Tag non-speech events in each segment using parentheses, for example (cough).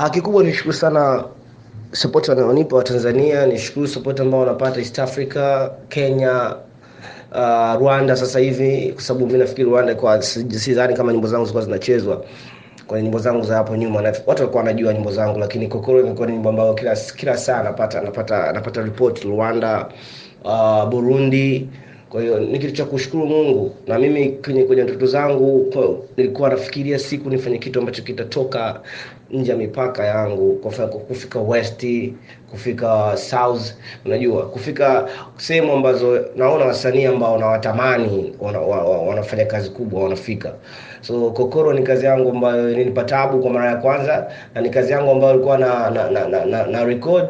Ah, kikubwa nishukuru sana support wanaonipa wa tanzania nishukuru support ambao wanapata east africa kenya uh, rwanda sasa hivi kwa sababu mi nafikiri rwanda kwa sidhani kama nyimbo zangu zilikuwa zinachezwa kwenye nyimbo zangu za hapo nyuma na watu walikuwa wanajua nyimbo zangu lakini kokoro imekuwa ni nyimbo ambayo kila kila saa napata napata napata report rwanda uh, burundi kwa hiyo ni kitu cha kushukuru Mungu, na mimi kwenye kwenye ndoto zangu nilikuwa nafikiria siku nifanye kitu ambacho kitatoka nje ya mipaka yangu, kwa kufika west, kufika south, unajua kufika sehemu ambazo naona wasanii ambao nawatamani wana, wana, wanafanya kazi kubwa wanafika. So Kokoro ni kazi yangu ambayo nilipata tabu kwa mara ya kwanza, na ni kazi yangu ambayo ilikuwa na na, na, na, na, na record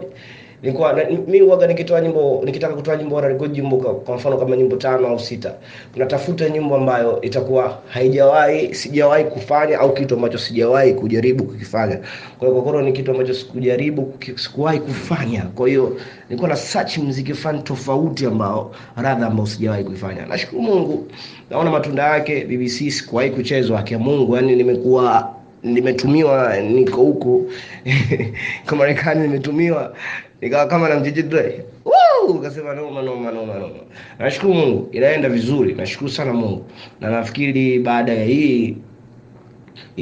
nilikuwa mimi huaga nikitoa nyimbo nikitaka kutoa nyimbo na record nyimbo kwa mfano kama nyimbo tano au sita tunatafuta nyimbo ambayo itakuwa haijawahi sijawahi kufanya au kitu ambacho sijawahi kujaribu kukifanya kwa hiyo kokoro ni kitu ambacho sikujaribu sikuwahi kufanya kwa hiyo nilikuwa na search muziki fulani tofauti ambao radha ambao sijawahi kuifanya nashukuru Mungu naona matunda yake BBC sikuwahi kuchezwa kwa Mungu yani nimekuwa nimetumiwa niko huku (laughs) kwa Marekani, nimetumiwa nikawa kama na mjiji Dre. Ukasema noma noma noma noma. Nashukuru Mungu, inaenda vizuri. Nashukuru sana Mungu, na nafikiri baada ya hii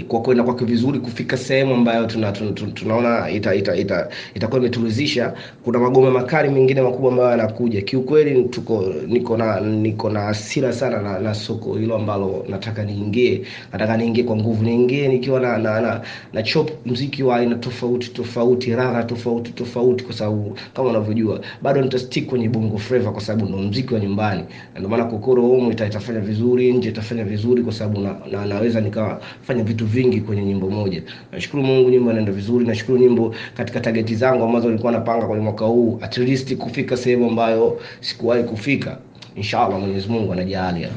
kwa kwenda kwake vizuri kufika sehemu ambayo tuna, tuna, tuna, tunaona itakuwa ita, ita, ita imeturizisha. Kuna magome makali mengine makubwa ambayo yanakuja. Kiukweli tuko niko na niko na hasira sana na, na soko hilo ambalo nataka niingie, nataka niingie kwa nguvu, niingie nikiwa na na, na, na chop mziki wa aina tofauti tofauti, raga tofauti tofauti, kwa sababu kama unavyojua bado nitastick kwenye bongo flavor kwa sababu ndo mziki wa nyumbani, na ndio maana kokoro home ita, itafanya vizuri, nje itafanya vizuri, kwa sababu na, na, naweza nikawa fanya vitu vingi kwenye nyimbo moja. Nashukuru Mungu, nyimbo inaenda vizuri. Nashukuru nyimbo katika targeti zangu ambazo nilikuwa napanga kwenye mwaka huu, at least kufika sehemu ambayo sikuwahi kufika. Inshallah Mwenyezi Mungu anajalia.